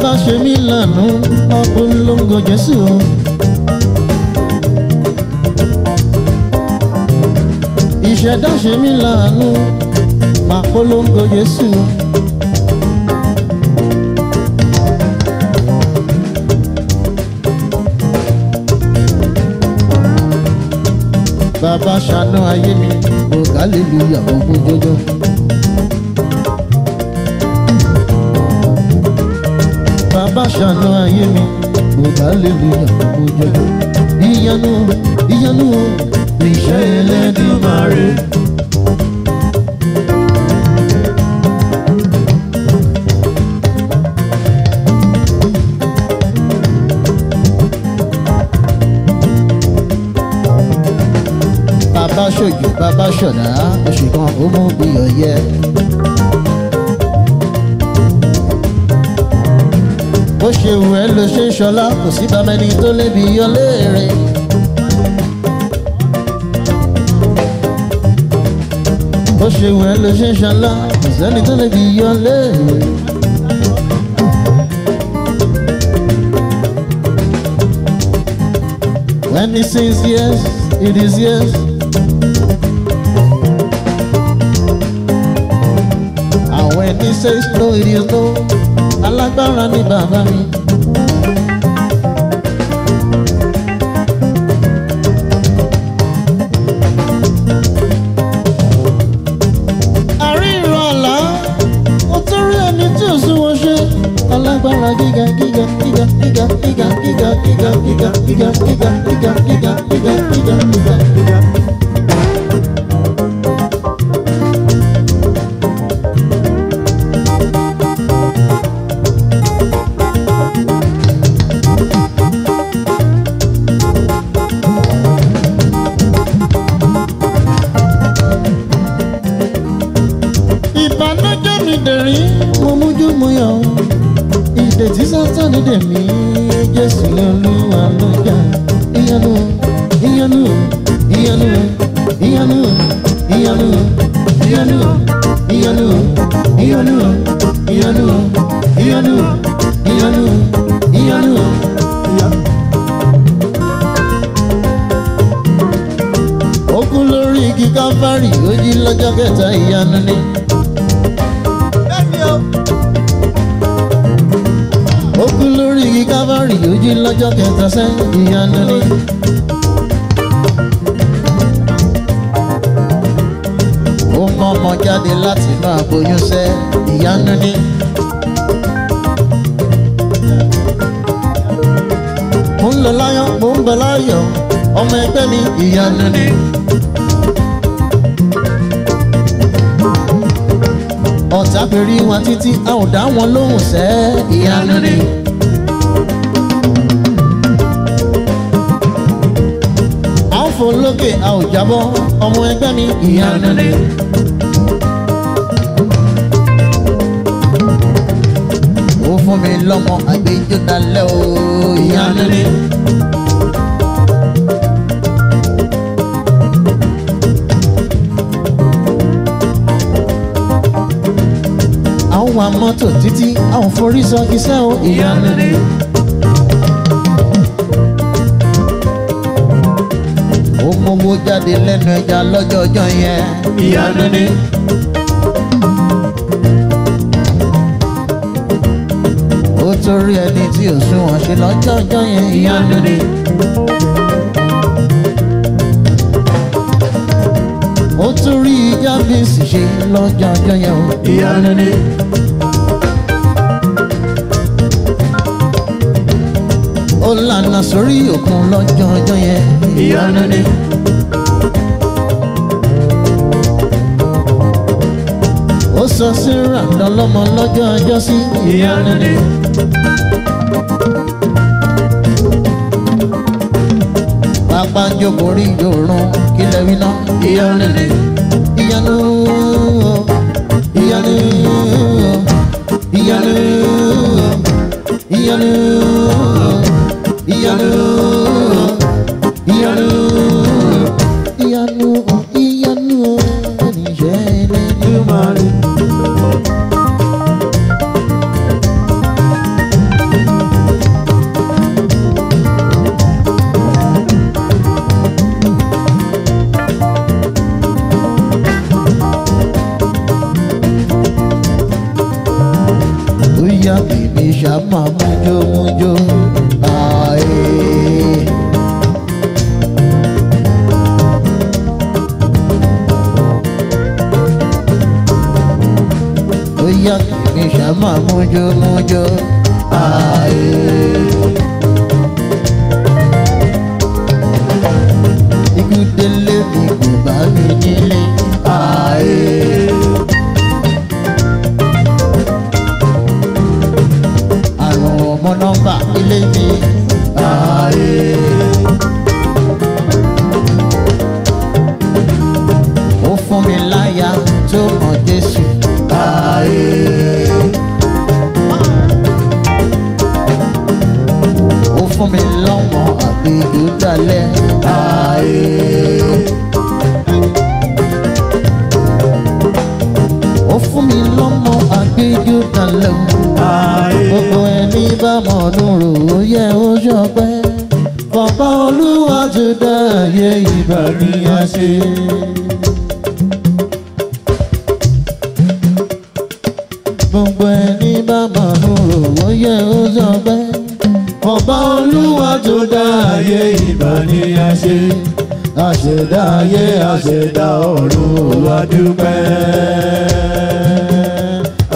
bá ṣe mí lànà ọ̀pọ̀ ńlọ́ngọ jésù o. ìṣẹ̀dá ṣe mí lànà máa polongo jésù bàbá ṣàánú ayé mi ògá lè lu ìyàwó fún jọjọ. bá ṣàánú ayé mi mo bá lè lè yàgò mo jẹjọ ìyanu ìyanu níṣẹ́ Elédùmarè. bàbá ṣojú bàbá ṣọ̀dá oṣù kan ó mú gbìyànjẹ. ṣe wù ẹ́ ló ṣe ṣọlá kò sí bàmẹ́ni tó lébi yọlé rẹ̀. bó ṣe wù ẹ́ ló ṣe ṣọlá kò sẹ́ni tó lébi yọlé rẹ̀. When he says yes, it is yes. And when he says no, it is no alágbára ni bàbá mi. àríran àlá ó tún rí ẹni tí ò sún wọn ṣe alágbára gíga gíga gíga gíga gíga gíga gíga gíga gíga gíga gíga gíga gíga gíga gíga. lọ́jọ́ kẹta ìyanu ni. ó kú lórí igi Kávárì ó jí lọ́jọ́ kẹta sẹ́yìn ìyanu ni. ó mọ ọmọ jáde láti inú àgbóyún sẹ́ ìyanu ni. mo ń lọ láyọ̀ mo ń bọ̀ láyọ̀ ọmọ ẹgbẹ́ mi ìyanu ni. ọ̀tá pèrí wọn títí a ò dá wọn lóhùn sẹ́ ìyanu ni. a ò fò lókè a ò jábọ́ ọmọ ẹgbẹ́ mi ìyanu ni. ó fún mi lọ́mọ àgbéjọ́dálẹ́ o ìyanu ni. mọ́tò títí àwọn forí sọ́gi sẹ́ o ìyanu ni. ó mówó jáde lẹ́nu ẹja lọ́jọ́ ọjọ́ yẹn ìyanu ni. ó torí ẹni tí ò sunwọ̀n ṣe lọ́jọ́ ọjọ́ yẹn ìyanu ni. ó tún rí jábìsì ṣe lọ́jọ́ ọjọ́ yẹn o. ìyanu ni. lànà sórí òkun lọ́jọ́ ọjọ́ yẹn ìyanu ni. ó sọ síra dọlọ́mọ lọ́jọ́ ọjọ́ sí ìyanu ni. bàbá jókòó rí kílẹ̀ wíná ìyanu ni. ìyanu ìyanu ìyanu. yá mi ṣàmà mojo ààyè. Ikú délé mi kò bá mi nílé ààyè. ọmọ nọ́mbà ilé mi ààyè. dalẹ̀ ayé. ó fún mi lọ́mọ àgbéjò dalẹ̀ ayé. gbogbo ẹni bá mọ̀ ọdún ó yẹ ó ṣọpẹ́. bàbá olúwa tó dá ayé ìbàdí àṣẹ. ayé ìmọ̀ ni a ṣe àṣẹ̀dá ayé àṣẹ̀dá ọ̀run olúwa dúpẹ́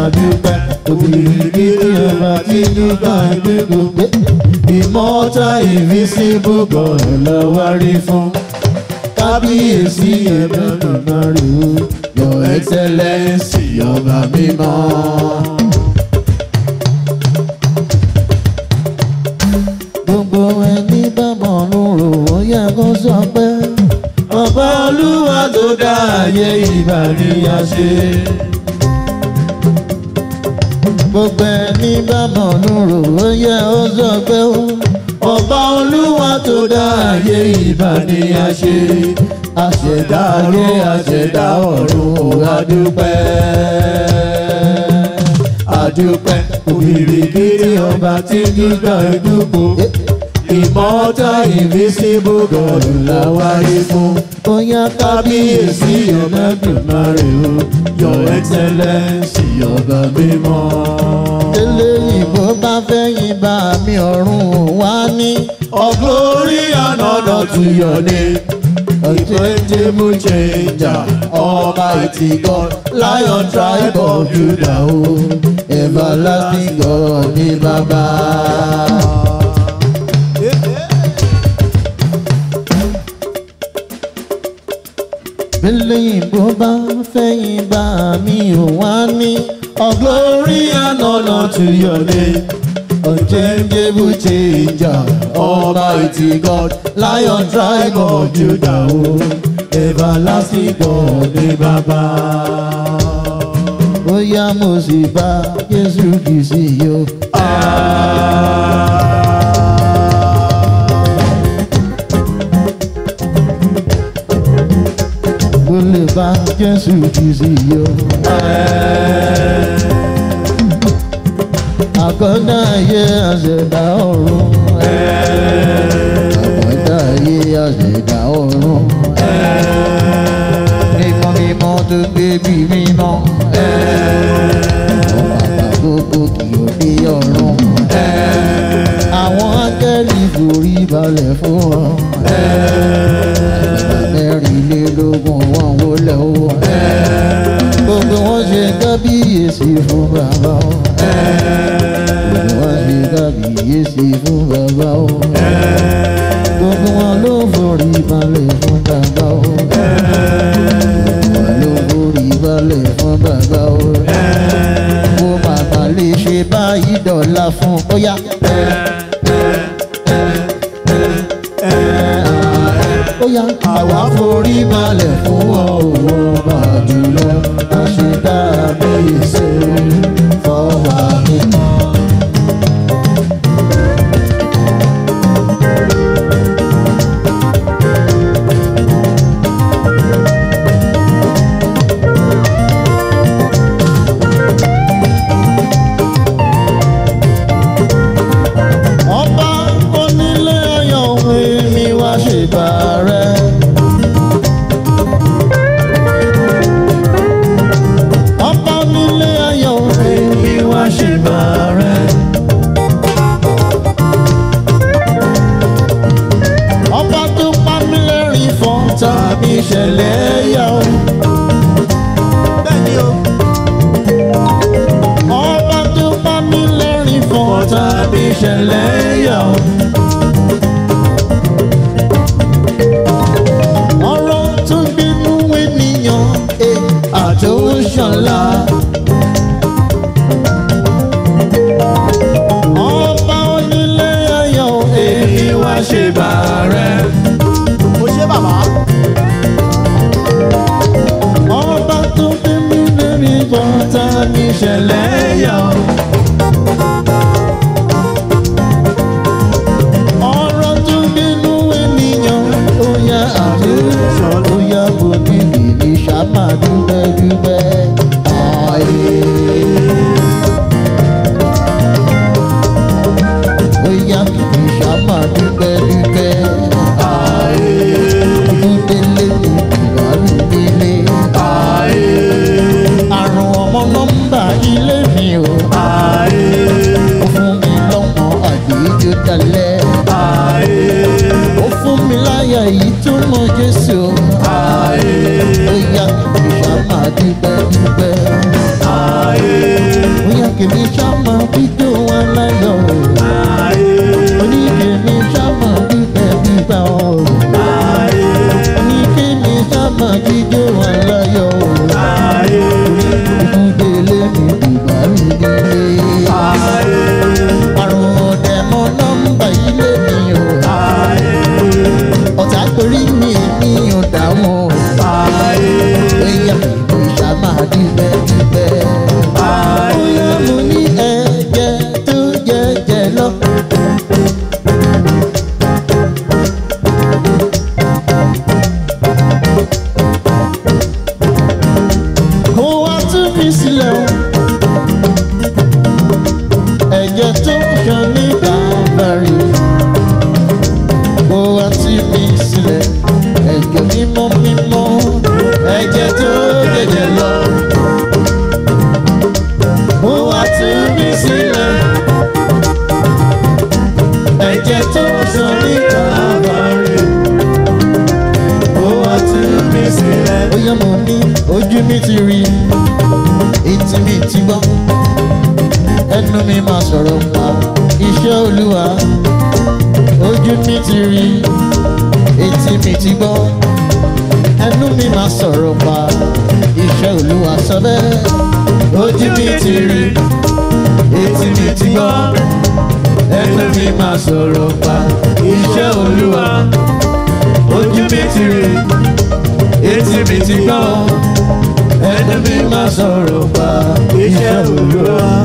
àdúpẹ́ òbírí ní ọba tí nígbà gbégbó ìmọ̀ọ́ta ìfísíbù gọ̀ọ́ lọ́wọ́ rí fún kábíyèsí ẹ̀bùn mọ̀rún your excellency ọba mímọ́. dá ayé ìbàríyá ṣe. gbogbo ẹni bàbá onúrò ó yẹ ó sọ pé ó. ọba olúwa tó dá ayé ìbàríyá ṣe. àṣẹ̀dá ayé àṣẹ̀dá ọ̀run ó adúpẹ́. adúpẹ́ òbíríkìrí ọba tí gbígbà ẹdúpọ̀. ìmọ̀ọ́ta invisible God làwárí fún. Ọya kábíyèsí ọba bìmárì o your excellency ọba mímọ́. eléyìí bó bá fẹ́ yín bá mi ọ̀run wá ní. All glory and honor to your name. Unchangeable changer, Almighty God, Lion tribe of Judah, oh, everlasting God, ni Baba. Bílẹ̀ ìbò bá fẹ́yìn bá mi ò wá ní. All glory and honor to your name. Unchangeable changer, Almighty God, Lion tribe of Judah, oh, everlasting God, ní bàbá. Bóyá mo sì bá Jésù kìí sí yó. Ah. bá Jésù ti sí yọ. Àkọ́dá ayé àṣẹ̀dá ọ̀run. Àkọ́dá ayé àṣẹ̀dá ọ̀run. Mímọ́ mímọ́ tó gbé bí mímọ́. iṣẹ́ òwúrọ̀.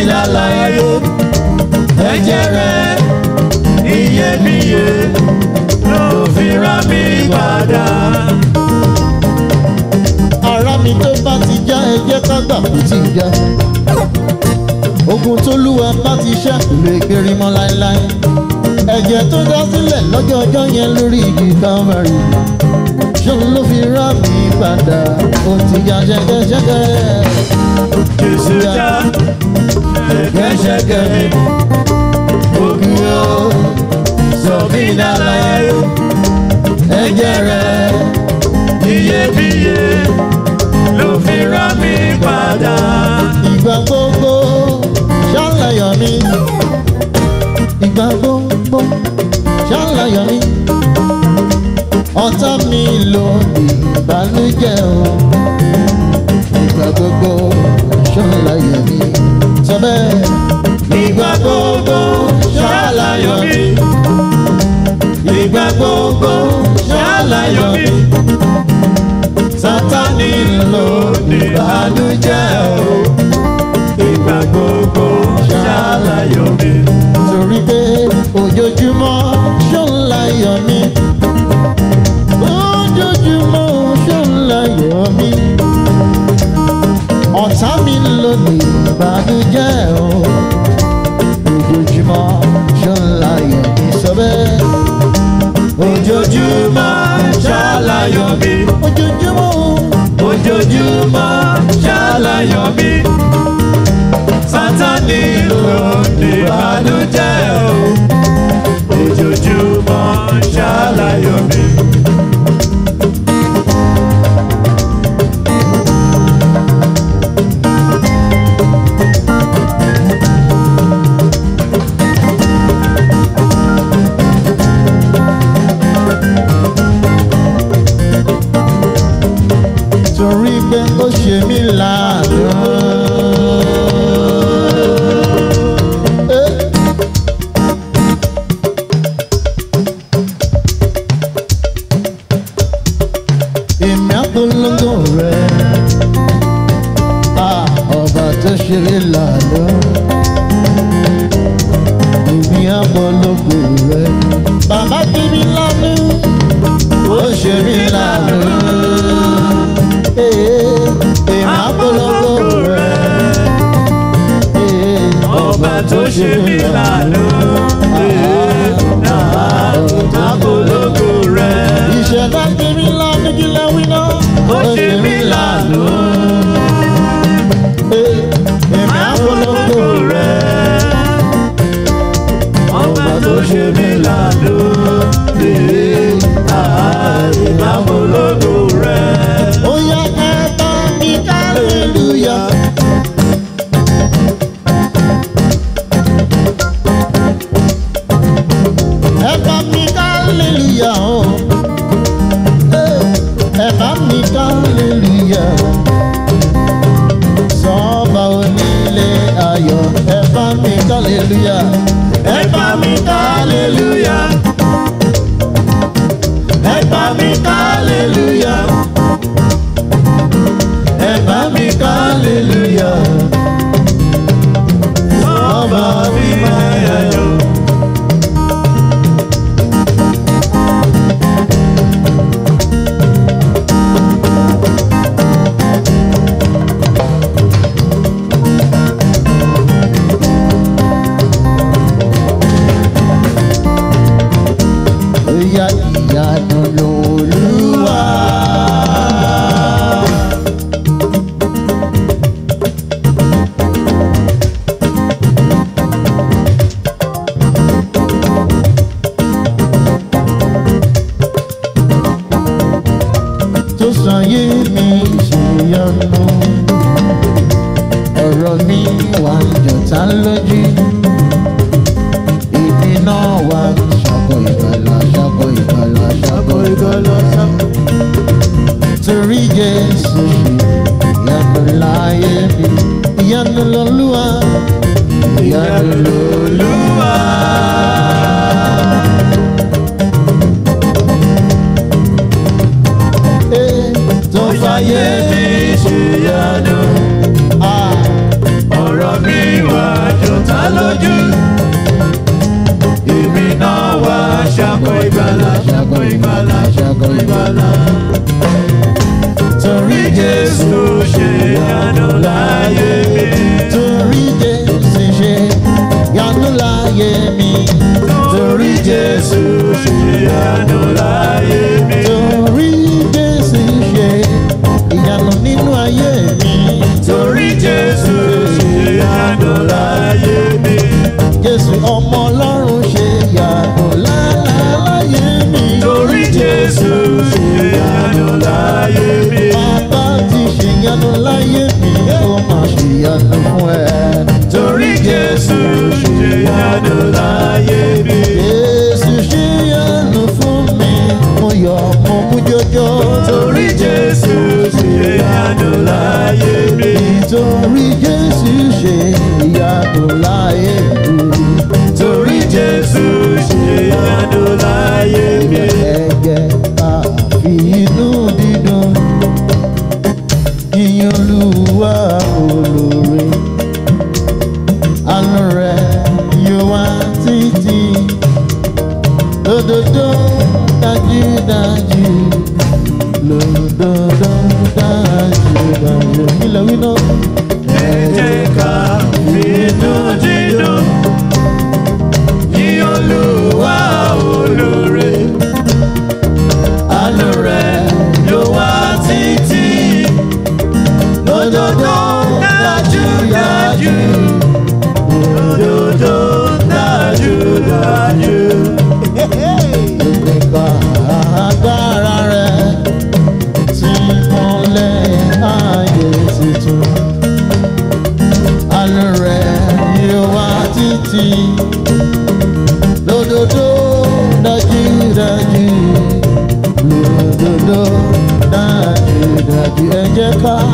mi lálàyé ẹ̀jẹ̀ rẹ̀ iyebíye ló fi rán mi padà. ara mi tó bá ti já ẹ̀jẹ̀ kágbà kò tí ì já ogun tólúwa bá ti ṣá kò lè kiri mọ́ láéláé ẹ̀jẹ̀ tó dá sílẹ̀ lọ́jọ́ ọjọ́ yẹn lórí igi Calvary ṣòun ló fi rá mi padà ó ti ya ṣẹ́gẹ́ṣẹ́gẹ́. jésù rẹ̀ kẹ́sẹ̀kẹ́ mi. Ògùn o, sọ mí mi padà. Ìgbà gbogbo ṣàlàyọ̀ mi. Ìgbà gbogbo ṣàlàyọ̀ mi. Ọ̀tá mi láyọ̀ ló. 是命啊！wà jọ̀tá lójú ibi náà wà ṣọkọ ìgbàlà ṣọkọ ìgbàlà ṣọkọ ìgbàlà ṣọkọ. torí Jésù ìyanu láyé mi ìyanu lọ́lúwa ìyanu lọ́lúwa. tó ṣàkó ìgbàlà ṣàkó ìgbàlà ṣàkó ìgbàlà. torí Jésù ṣe yanu láyé mi. torí Jésù ṣe yanu láyé mi. torí Jésù ṣe yanu láyé mi. dájú lòdòdó dájú dájú kí lọ wí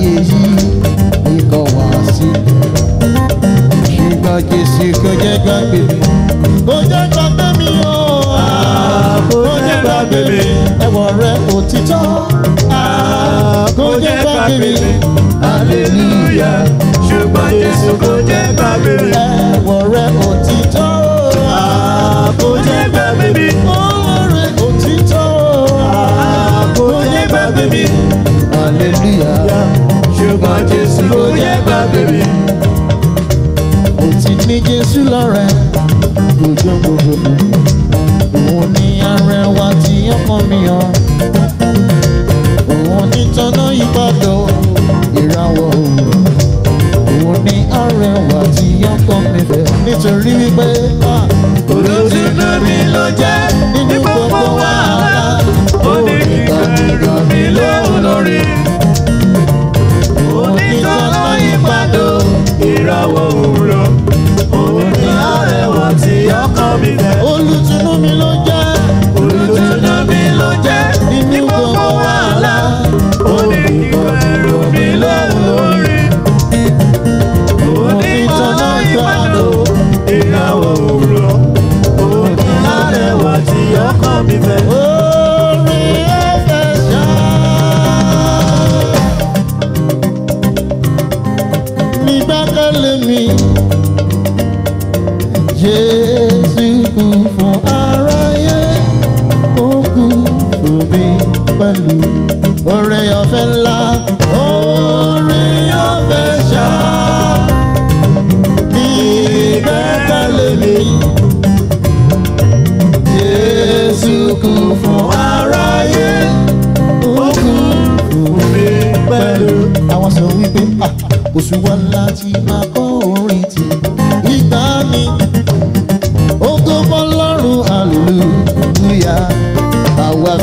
láyé yìí ikọ̀ wá sílẹ̀ ṣùgbọ́n Jésù mi kò jẹ́ gbàgbé mi o kò jẹ́ gbàgbé mi ẹ̀wọ̀n mi hallelujah ṣùgbọ́n Jésù kò jẹ́ gbàgbé mi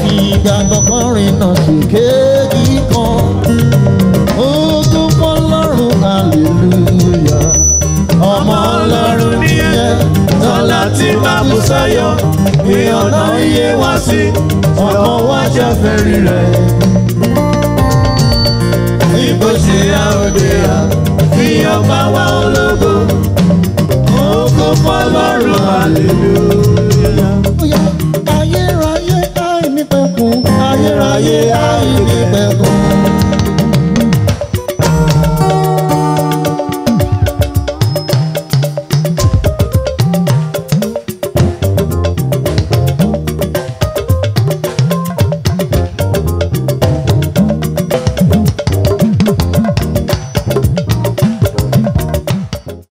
fi gbàgbọ́ kọrin náà sókè kíkan. Ogún pọ́ lọ́rùn hallelúyà. Ọmọ ọlọ́run ni ẹ, tọ́lá tí máa mú sáyọ, ní ọ̀nà iye wá sí, ọmọ wájà fẹ́rí rẹ̀. Ibo ṣe a òde a, fi ọba wa ológo. Ogún pọ́ lọ́rùn hallelúyà. ayé àìní pẹ̀kọ́.